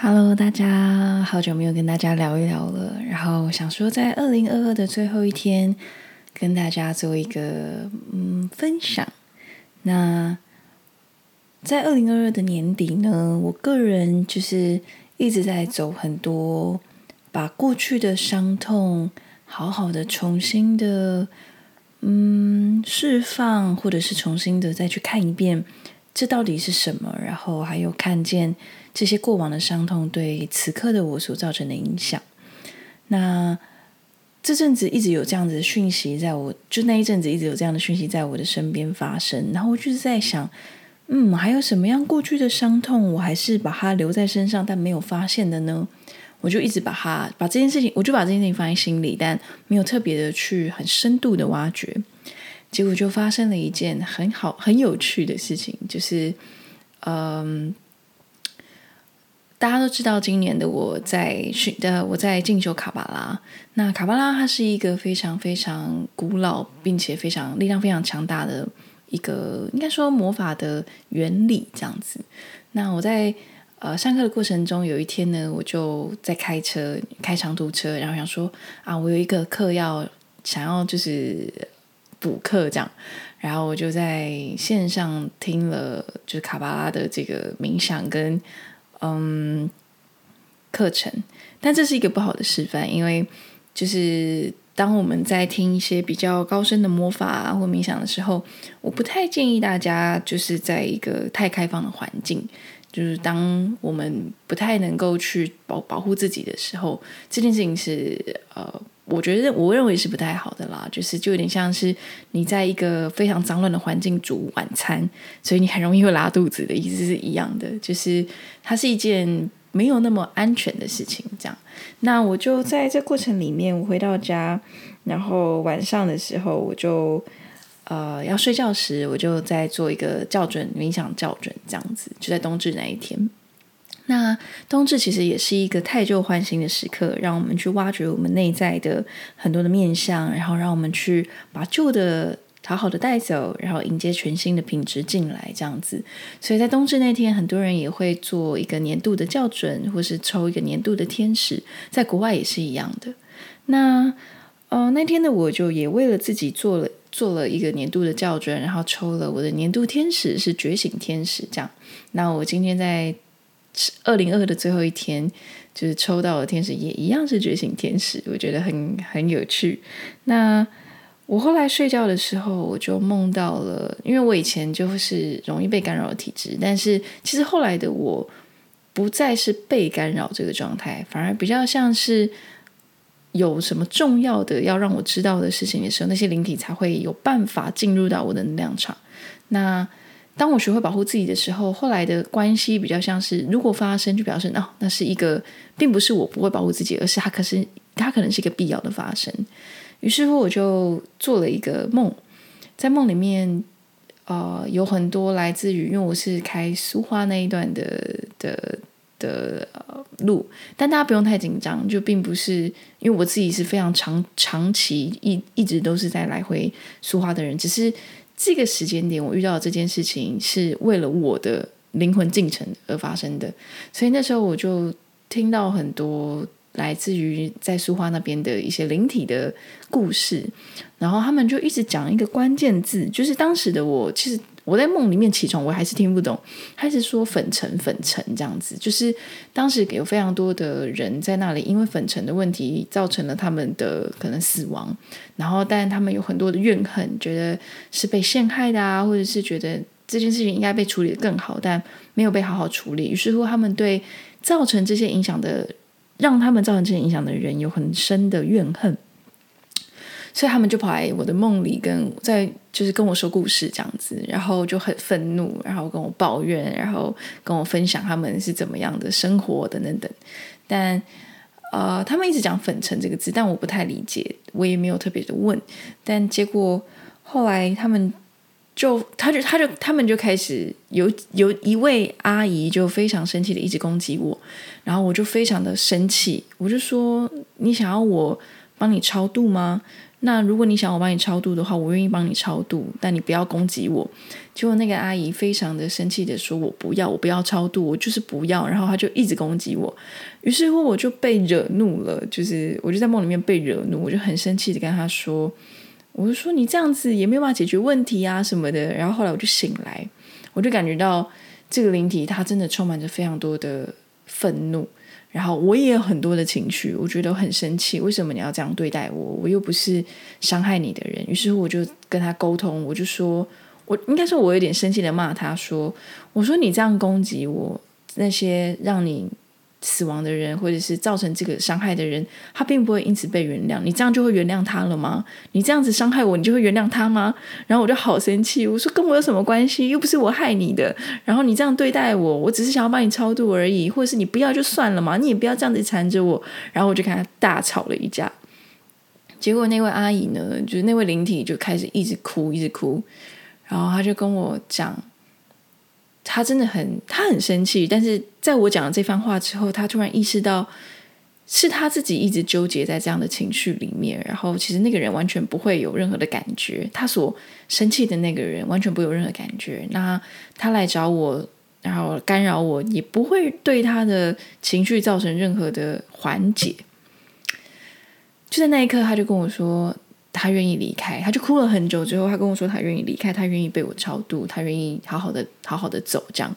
Hello，大家，好久沒有跟大家聊一聊了。然後想說，在二零二二的最後一天，跟大家做一個嗯分享。那在二零二二的年底呢，我個人就是一直在走很多，把過去的傷痛好好的重新的嗯釋放，或者是重新的再去看一遍。這到底是什麼？然後還有看見這些過往的傷痛，對此刻的我所造成的影響。那這陣子一直有這樣子的訊息，在我就那一陣子一直有這樣的訊息在我的身邊發生。然後我就是在想，嗯，還有什麼樣過去的傷痛，我還是把它留在身上，但沒有發現的呢？我就一直把它把這件事情，我就把這件事情放在心裡，但沒有特別的去很深度的挖掘。結果就發生了一件很好、很有趣的事情，就是，嗯，大家都知道，今年的我在訓，的我在進修卡巴拉。那卡巴拉它是一個非常、非常古老，並且非常力量、非常強大的一個，應該說魔法的原理這樣子。那我在呃上課的過程中，有一天呢，我就在開車，開長途車，然後想說啊，我有一個課要想要就是。補課這樣，然後我就在線上聽了就是卡巴拉的這個冥想跟嗯課程，但這是一個不好的示範，因為就是當我們在聽一些比較高深的魔法啊，或冥想的時候，我不太建議大家就是在一個太開放的環境。就是當我們不太能夠去保保護自己的時候，這件事情是呃，我覺得我認為是不太好的啦。就是就有點像是你在一個非常髒亂的環境煮晚餐，所以你很容易會拉肚子的意思是一樣的。就是它是一件沒有那麼安全的事情。這樣，那我就在這過程裡面，我回到家，然後晚上的時候我就。呃，要睡覺時，我就在做一個校準冥想，校準這樣子，就在冬至那一天。那冬至其實也是一個汰舊換新的時刻，讓我們去挖掘我們內在的很多的面向，然後讓我們去把舊的、討好的帶走，然後迎接全新的品質進來這樣子。所以在冬至那天，很多人也會做一個年度的校準，或是抽一個年度的天使，在國外也是一樣的。那呃，那天的我就也為了自己做了。做了一個年度的校準，然後抽了我的年度天使是覺醒天使，這樣。那我今天在2022的最後一天，就是抽到的天使也一樣是覺醒天使，我覺得很很有趣。那我後來睡覺的時候，我就夢到了，因為我以前就是容易被干擾的體質，但是其實後來的我不再是被干擾這個狀態，反而比較像是。有什麼重要的要讓我知道的事情的時候，那些靈體才會有辦法進入到我的能量場。那當我學會保護自己的時候，後來的關係比較像是，如果發生，就表示哦，那是一個，並不是我不會保護自己，而是它，可是它可能是一個必要的發生。於是乎，我就做了一個夢，在夢裡面，啊、呃，有很多來自於因為我是開蘇花那一段的的。的路，但大家不用太緊張，就並不是因為我自己是非常長長期一一直都是在來回蘇花的人，只是這個時間點我遇到的這件事情是為了我的靈魂進程而發生的，所以那時候我就聽到很多來自於在蘇花那邊的一些靈體的故事，然後他們就一直講一個關鍵字，就是當時的我其實。我在夢裡面起床，我還是聽不懂，還是說粉塵、粉塵這樣子。就是當時有非常多的人在那裡，因為粉塵的問題造成了他們的可能死亡，然後但他們有很多的怨恨，覺得是被陷害的啊，或者是覺得這件事情應該被處理得更好，但沒有被好好處理，於是乎他們對造成這些影響的，讓他們造成這些影響的人有很深的怨恨。所以他們就跑來我的夢裡，跟我在就是跟我說故事這樣子，然後就很憤怒，然後跟我抱怨，然後跟我分享他們是怎麼樣的生活等等等等。但呃，他們一直講“粉塵”這個字，但我不太理解，我也沒有特別的問。但結果後來他們就，他就他就，他就他們就開始有有一位阿姨就非常生氣的一直攻擊我，然後我就非常的生氣，我就說：“你想要我？”幫你超度嗎？那如果你想我幫你超度的話，我願意幫你超度，但你不要攻擊我。結果那個阿姨非常的生氣的說：“我不要，我不要超度，我就是不要。”然後她就一直攻擊我，於是乎我就被惹怒了，就是我就在夢裡面被惹怒，我就很生氣的跟她說：“我就說你這樣子也沒有辦法解決問題啊什麼的。”然後後來我就醒來，我就感覺到這個靈體他真的充滿着非常多的憤怒。然後我也有很多的情緒，我覺得很生氣，為什麼你要這樣對待我？我又不是傷害你的人。於是我就跟他溝通，我就說，我應該說，我有點生氣的罵他說：“我說你這樣攻擊我，那些讓你。”死亡的人，或者是造成這個傷害的人，他並不會因此被原諒。你這樣就會原諒他了嗎？你這樣子傷害我，你就會原諒他嗎？然後我就好生氣，我說跟我有什麼關係？又不是我害你的。然後你這樣對待我，我只是想要幫你超度而已，或者是你不要就算了嘛，你也不要這樣子纏着我。然後我就跟他大吵了一架。結果那位阿姨呢，就是那位靈體就開始一直哭，一直哭。然後他就跟我講。他真的很，他很生氣，但是在我講了這番話之後，他突然意識到是他自己一直糾結在這樣的情緒裡面。然後，其實那個人完全不會有任何的感覺，他所生氣的那個人完全沒有任何感覺。那他來找我，然後干擾我，也不會對他的情緒造成任何的緩解。就在那一刻，他就跟我說。他願意離開，他就哭了很久。之後，他跟我說：“他願意離開，他願意被我超度，他願意好好的、好好的走。”這樣，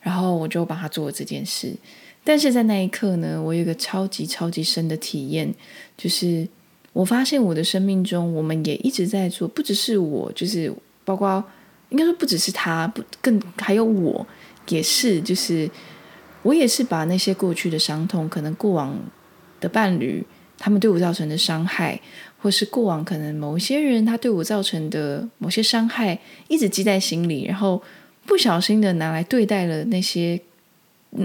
然後我就幫他做了這件事。但是在那一刻呢，我有一個超級超級深的體驗，就是我發現我的生命中，我們也一直在做，不只是我，就是包括應該說不只是他，不更還有我也是，就是我也是把那些過去的傷痛，可能過往的伴侶他們對我造成的傷害。或是過往可能某些人他對我造成的某些傷害，一直記在心裡，然後不小心的拿來對待了那些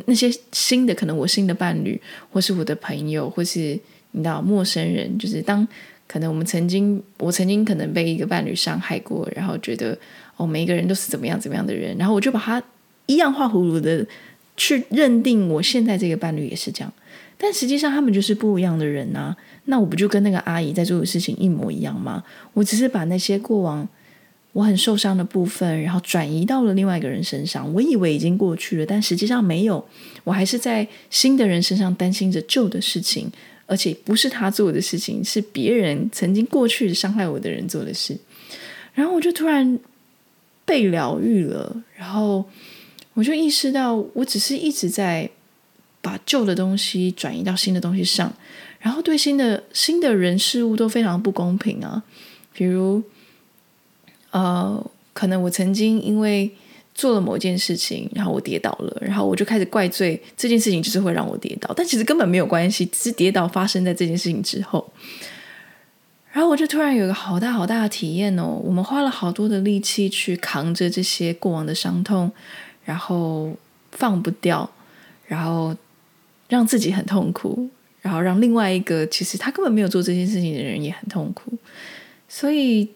那些新的可能我新的伴侶，或是我的朋友，或是你知道陌生人。就是當可能我們曾經我曾經可能被一個伴侶傷害過，然後覺得哦每一個人都是怎麼樣怎麼樣的人，然後我就把他一樣畫葫蘆的去認定我現在這個伴侶也是這樣。但實際上，他們就是不一樣的人吶。那我不就跟那個阿姨在做的事情一模一樣嗎？我只是把那些過往我很受傷的部分，然後轉移到了另外一個人身上。我以為已經過去了，但實際上沒有。我還是在新的人身上擔心着舊的事情，而且不是他做的事情，是別人曾經過去傷害我的人做的事。然後我就突然被療癒了，然後我就意識到，我只是一直在。把舊的東西轉移到新的東西上，然後對新的新的人事物都非常不公平啊。比如，呃，可能我曾經因為做了某件事情，然後我跌倒了，然後我就開始怪罪這件事情，就是會讓我跌倒，但其實根本沒有關係，只是跌倒發生在這件事情之後。然後我就突然有一個好大好大的體驗哦，我們花了好多的力氣去扛着這些過往的傷痛，然後放不掉，然後。讓自己很痛苦，然後讓另外一個其實他根本沒有做這件事情的人也很痛苦。所以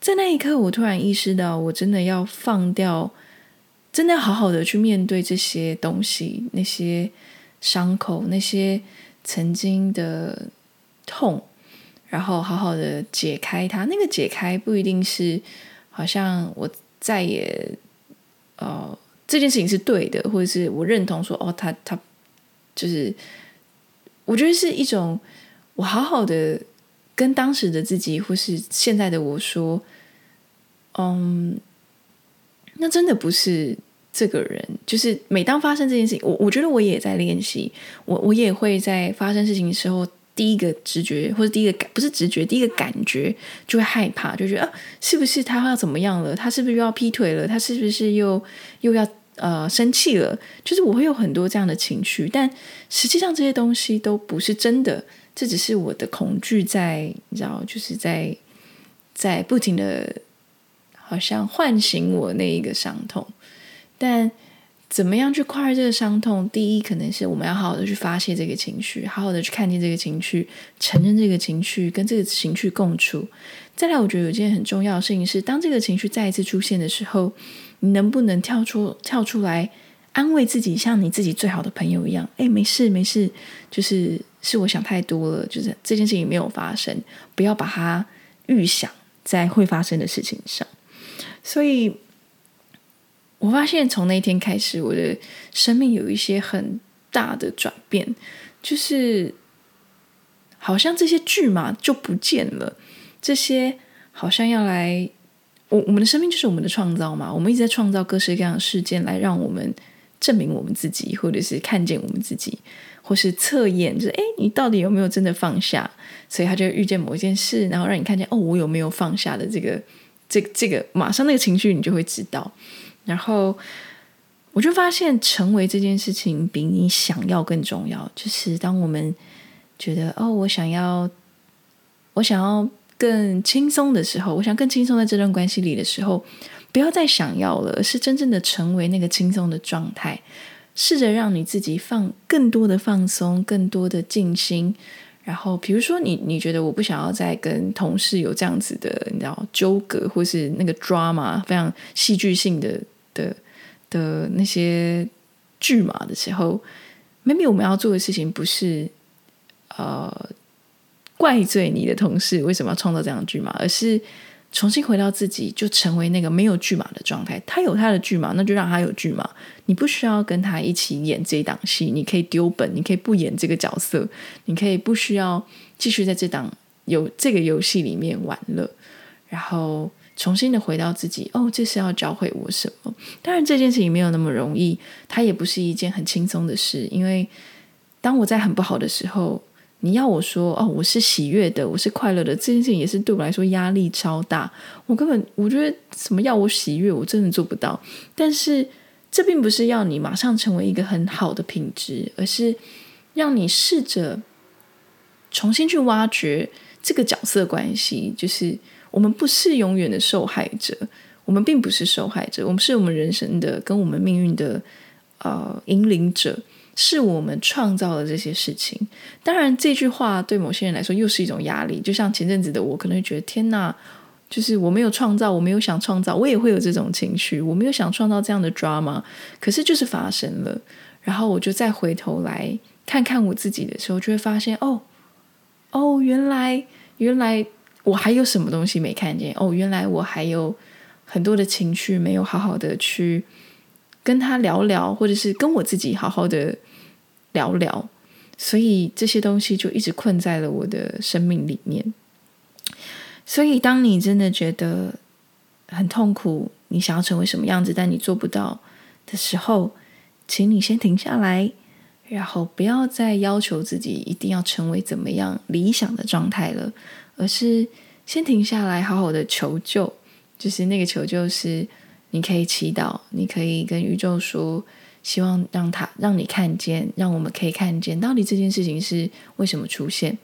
在那一刻，我突然意識到，我真的要放掉，真的要好好的去面對這些東西，那些傷口，那些曾經的痛，然後好好的解開它。那個解開不一定是好像我再也哦。呃這件事情是對的，或者是我認同說，哦，他他，就是，我覺得是一種，我好好的跟當時的自己或是現在的我說，嗯，那真的不是這個人。就是每當發生這件事情，我我覺得我也在練習，我我也會在發生事情的時候。第一個直覺或者第一個感不是直覺，第一個感覺就會害怕，就覺得啊，是不是他要怎麼樣了？他是不是又要劈腿了？他是不是又又要呃生氣了？就是我會有很多這樣的情緒，但實際上這些東西都不是真的，這只是我的恐懼在，你知道，就是在在不停的，好像喚醒我那一個傷痛，但。怎麼樣去跨越這個傷痛？第一，可能是我們要好好的去發泄這個情緒，好好的去看見這個情緒，承認這個情緒，跟這個情緒共處。再來，我覺得有件很重要的事情是，當這個情緒再一次出現的時候，你能不能跳出跳出來，安慰自己，像你自己最好的朋友一樣？誒、哎，沒事沒事，就是是我想太多了，就是這件事情沒有發生。不要把它預想在會發生的事情上。所以。我發現從那天開始，我的生命有一些很大的轉變，就是好像這些劇嘛就不見了。這些好像要來，我我們的生命就是我們的創造嘛。我們一直在創造各式各樣的事件，來讓我們證明我們自己，或者是看見我們自己，或是測驗着，就是哎，你到底有沒有真的放下？所以他就遇見某一件事，然後讓你看見哦，我有沒有放下的這個這個、這個，馬上那個情緒你就會知道。然後，我就發現，成為這件事情比你想要更重要。就是當我們覺得哦，我想要，我想要更輕鬆的時候，我想更輕鬆在這段關係裡的時候，不要再想要了，而是真正的成為那個輕鬆的狀態。試着讓你自己放更多的放鬆，更多的靜心。然後，比如說你，你你覺得我不想要再跟同事有這樣子的，你知道糾葛或是那個 drama 非常戲劇性的。的那些劇碼的時候，maybe 我們要做的事情不是呃怪罪你的同事為什麼要創造這樣的劇碼，而是重新回到自己，就成為那個沒有劇碼的狀態。他有他的劇碼，那就讓他有劇碼。你不需要跟他一起演這一檔戲，你可以丟本，你可以不演這個角色，你可以不需要繼續在這檔有這個遊戲裡面玩樂，然後。重新的回到自己，哦，這是要教會我什麼？當然，這件事情沒有那麼容易，它也不是一件很輕鬆的事。因為當我在很不好的時候，你要我說哦，我是喜悅的，我是快樂的，這件事情也是對我來說壓力超大。我根本我覺得，什麼要我喜悅，我真的做不到。但是，這並不是要你馬上成為一個很好的品質，而是讓你試着重新去挖掘這個角色關係，就是。我們不是永遠的受害者，我們並不是受害者，我們是我們人生的跟我們命運的呃引領者，是我們創造了這些事情。當然，這句話對某些人來說又是一種壓力。就像前陣子的我，我可能會覺得天哪，就是我沒有創造，我沒有想創造，我也會有這種情緒，我沒有想創造這樣的 drama，可是就是發生了。然後我就再回頭來看看我自己的時候，就會發現哦哦，原來原來。我還有什麼東西沒看見？哦，原來我還有很多的情緒沒有好好的去跟他聊聊，或者是跟我自己好好的聊聊。所以這些東西就一直困在了我的生命裡面。所以當你真的覺得很痛苦，你想要成為什麼樣子，但你做不到的時候，請你先停下來，然後不要再要求自己一定要成為怎麼樣理想的狀態了。而是先停下來，好好的求救。就是那個求救是，你可以祈禱，你可以跟宇宙說，希望讓它讓你看見，讓我們可以看見到底這件事情是為什麼出現。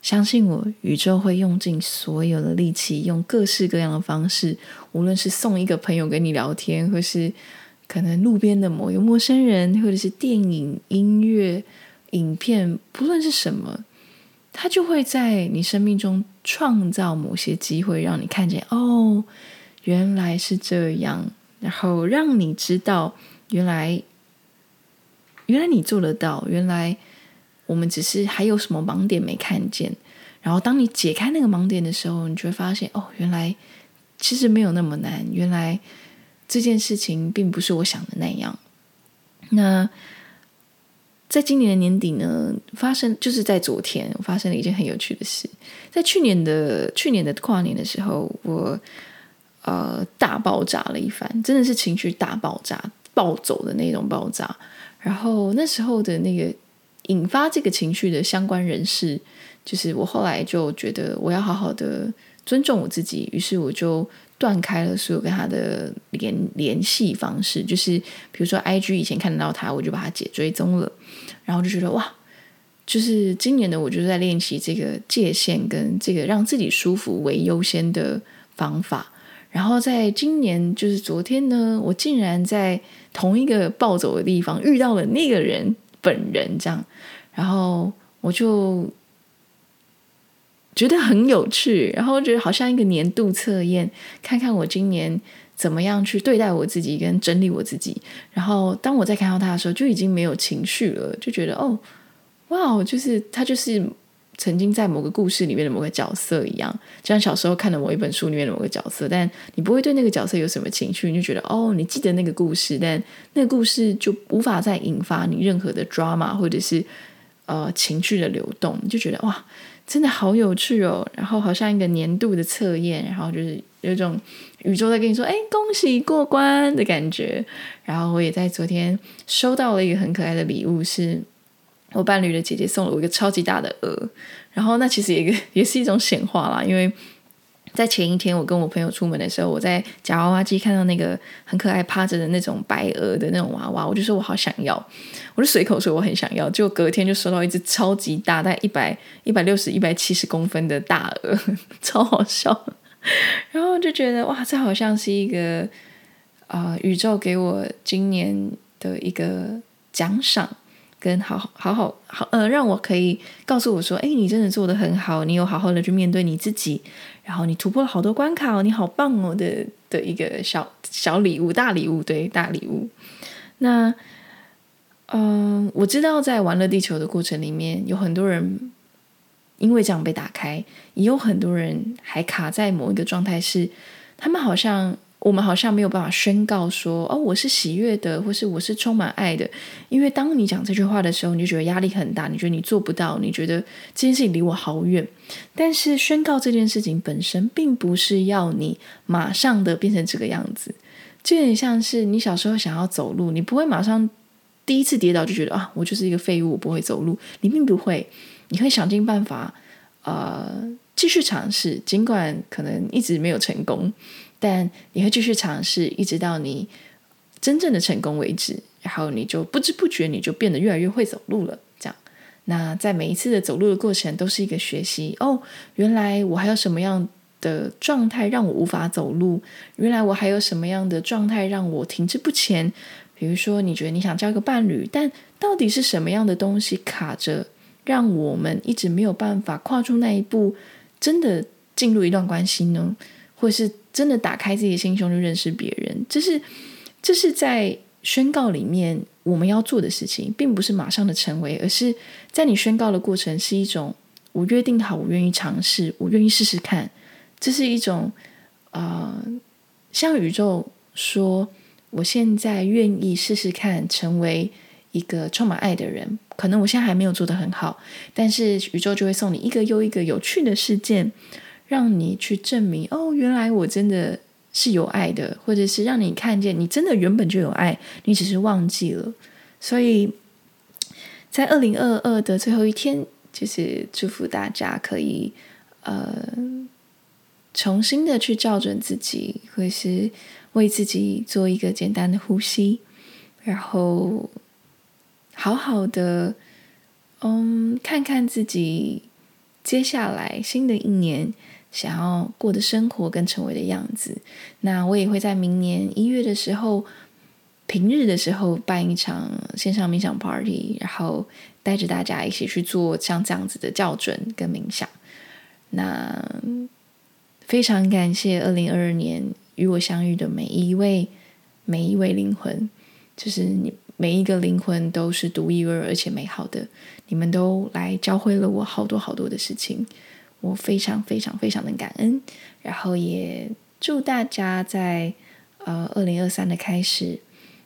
相信我，宇宙會用盡所有的力氣，用各式各樣的方式，無論是送一個朋友跟你聊天，或是可能路邊的某一個陌生人，或者是電影、音樂、影片，不論是什麼。他就會在你生命中創造某些機會，讓你看見哦，原來是這樣，然後讓你知道，原來原來你做得到，原來我們只是還有什麼盲點沒看見。然後當你解開那個盲點的時候，你就會發現哦，原來其實沒有那麼難，原來這件事情並不是我想的那樣。那。在今年的年底呢，發生就是在昨天，我發生了一件很有趣的事。在去年的去年的跨年的時候，我呃大爆炸了一番，真的是情緒大爆炸，暴走的那種爆炸。然後那時候的那個引發這個情緒的相關人士，就是我後來就覺得我要好好的尊重我自己，於是我就斷開了所有跟他的聯聯繫方式。就是比如說 IG 以前看到他，我就把他解追蹤了。然後就覺得哇，就是今年的我就是在練習這個界限跟這個讓自己舒服為優先的方法。然後在今年就是昨天呢，我竟然在同一個暴走的地方遇到了那個人本人，這樣，然後我就覺得很有趣。然後覺得好像一個年度測驗，看看我今年。怎麼樣去對待我自己，跟整理我自己。然後，當我在看到他的時候，就已經沒有情緒了，就覺得哦，哇，就是他就是曾經在某個故事裡面的某個角色一樣，就像小時候看的某一本書裡面的某個角色。但你不會對那個角色有什麼情緒，你就覺得哦，你記得那個故事，但那個故事就無法再引發你任何的 drama 或者是呃，情緒的流動，就覺得哇。真的好有趣哦，然後好像一個年度的測驗，然後就是有一種宇宙在跟你說：“哎，恭喜過關”的感覺。然後我也在昨天收到了一個很可愛的禮物，是我伴侶的姐姐送了我一個超級大的鵝。然後那其實也也是一種顯化啦，因為，在前一天，我跟我朋友出門的時候，我在夾娃娃機看到那個很可愛趴着的那種白鵝的那種娃娃，我就說我好想要，我就隨口說我很想要，結果隔天就收到一只超級大，大概一百一百六十一百七十公分的大鵝，超好笑。然後就覺得哇，這好像是一個啊、呃、宇宙給我今年的一個獎賞。跟好好好好呃，讓我可以告訴我說，哎、欸，你真的做得很好，你有好好的去面對你自己，然後你突破了好多關卡哦，你好棒哦的的一個小小禮物，大禮物，對，大禮物。那，嗯、呃，我知道在玩樂地球的過程裡面，有很多人因為這樣被打開，也有很多人還卡在某一個狀態是，是他們好像。我們好像沒有辦法宣告說：“哦，我是喜悅的，或是我是充滿愛的。”因為當你講這句話的時候，你就覺得壓力很大，你覺得你做不到，你覺得這件事情離我好遠。但是宣告這件事情本身，並不是要你馬上的變成這個樣子。就有點像是你小時候想要走路，你不會馬上第一次跌倒就覺得啊，我就是一個廢物，我不會走路。你並不會，你會想盡辦法，呃，繼續嘗試，儘管可能一直沒有成功。但你會繼續嘗試，一直到你真正的成功為止。然後你就不知不覺，你就變得越來越會走路了。這樣，那在每一次的走路的過程，都是一個學習哦。原來我還有什麼樣的狀態讓我無法走路？原來我還有什麼樣的狀態讓我停滯不前？比如說，你覺得你想交一個伴侶，但到底是什麼樣的東西卡着，讓我們一直沒有辦法跨出那一步，真的進入一段關係呢？或是……真的打開自己的心胸去認識別人，這是這是在宣告裡面我們要做的事情，並不是馬上的成為，而是在你宣告的過程是一種我約定好，我願意嘗試，我願意試試看，這是一種啊、呃，向宇宙說，我現在願意試試看成為一個充滿愛的人。可能我現在還沒有做得很好，但是宇宙就會送你一個又一個有趣的事件。讓你去證明哦，原來我真的是有愛的，或者是讓你看見你真的原本就有愛，你只是忘記了。所以在二零二二的最後一天，就是祝福大家可以呃重新的去校準自己，或是為自己做一個簡單的呼吸，然後好好的嗯看看自己接下來新的一年，想要過的生活跟成為的樣子，那我也會在明年一月的時候，平日的時候辦一場線上冥想 party，然後帶着大家一起去做像這樣子的校準跟冥想。那非常感謝二零二二年與我相遇的每一位，每一位靈魂，就是你每一個靈魂都是獨一無二而且美好的，你們都來教會了我好多好多的事情。我非常非常非常的感恩，然後也祝大家在呃二零二三的開始，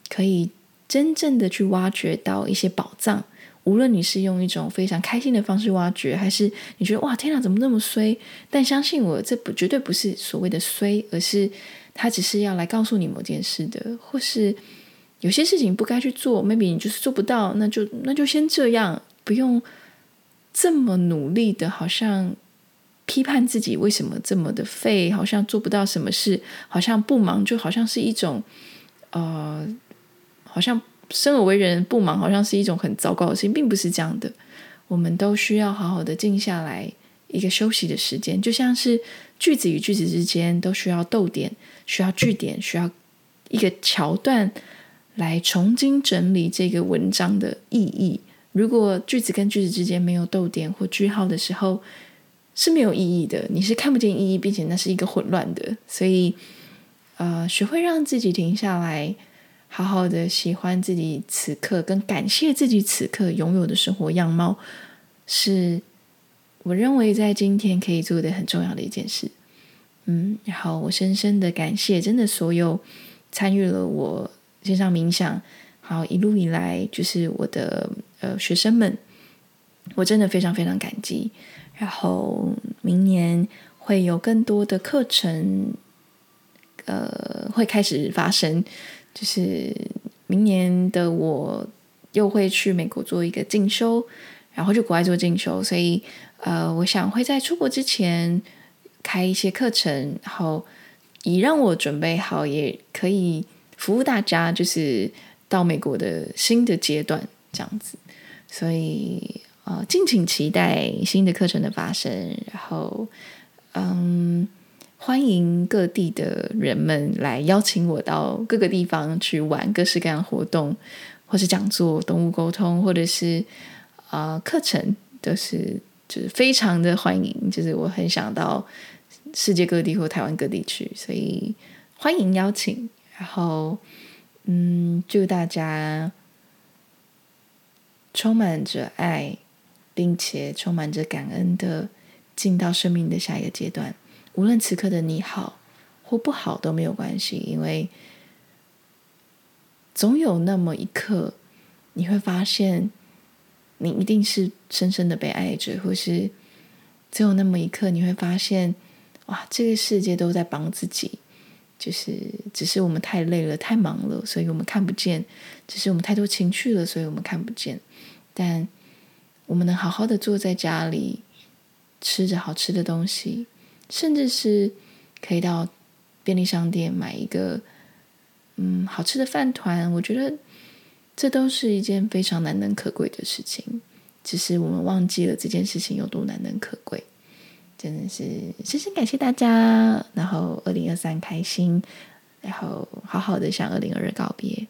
可以真正的去挖掘到一些寶藏。無論你是用一種非常開心的方式挖掘，還是你覺得哇天哪怎麼那麼衰？但相信我，這不絕對不是所謂的衰，而是他只是要來告訴你某件事的，或是有些事情不該去做。maybe 你就是做不到，那就那就先這樣，不用這麼努力的，好像。批判自己為什麼這麼的廢，好像做不到什麼事，好像不忙，就好像是一種，呃，好像生而為人不忙，好像是一種很糟糕的事情，並不是這樣的。我們都需要好好的靜下來一個休息的時間，就像是句子與句子之間都需要逗點、需要句點、需要一個橋段來重新整理這個文章的意義。如果句子跟句子之間沒有逗點或句號的時候，是沒有意義的，你是看不見意義，並且那是一個混亂的。所以，呃，學會讓自己停下來，好好的喜歡自己此刻，跟感謝自己此刻擁有的生活樣貌，是我認為在今天可以做的很重要的一件事。嗯，然後我深深的感謝，真的所有參與了我線上冥想，好一路以來就是我的呃學生們，我真的非常非常感激。然後明年會有更多的課程，呃，會開始發生。就是明年的我又會去美國做一個進修，然後去國外做進修，所以呃，我想會在出國之前開一些課程，然後以讓我準備好，也可以服務大家，就是到美國的新的階段這樣子。所以。啊，敬請期待新的課程的發生。然後，嗯，歡迎各地的人們來邀請我到各個地方去玩各式各樣活動，或是講座、動物溝通，或者是啊、呃、課程，都是，就是就是非常的歡迎。就是我很想到世界各地或台灣各地去，所以歡迎邀請。然後，嗯，祝大家充滿着愛。並且充滿着感恩的，進到生命的下一個階段。無論此刻的你好或不好，都沒有關係，因為總有那麼一刻，你會發現，你一定是深深的被愛着，或是只有那麼一刻，你會發現，哇，這個世界都在幫自己，就是只是我們太累了，太忙了，所以我們看不見；只是我們太多情緒了，所以我們看不見。但我們能好好的坐在家裡，吃着好吃的東西，甚至是可以到便利商店買一個嗯好吃的飯糰，我覺得這都是一件非常難能可貴的事情。只是我們忘記了這件事情有多難能可貴，真的是深深感謝大家。然後二零二三開心，然後好好的向二零二二告別。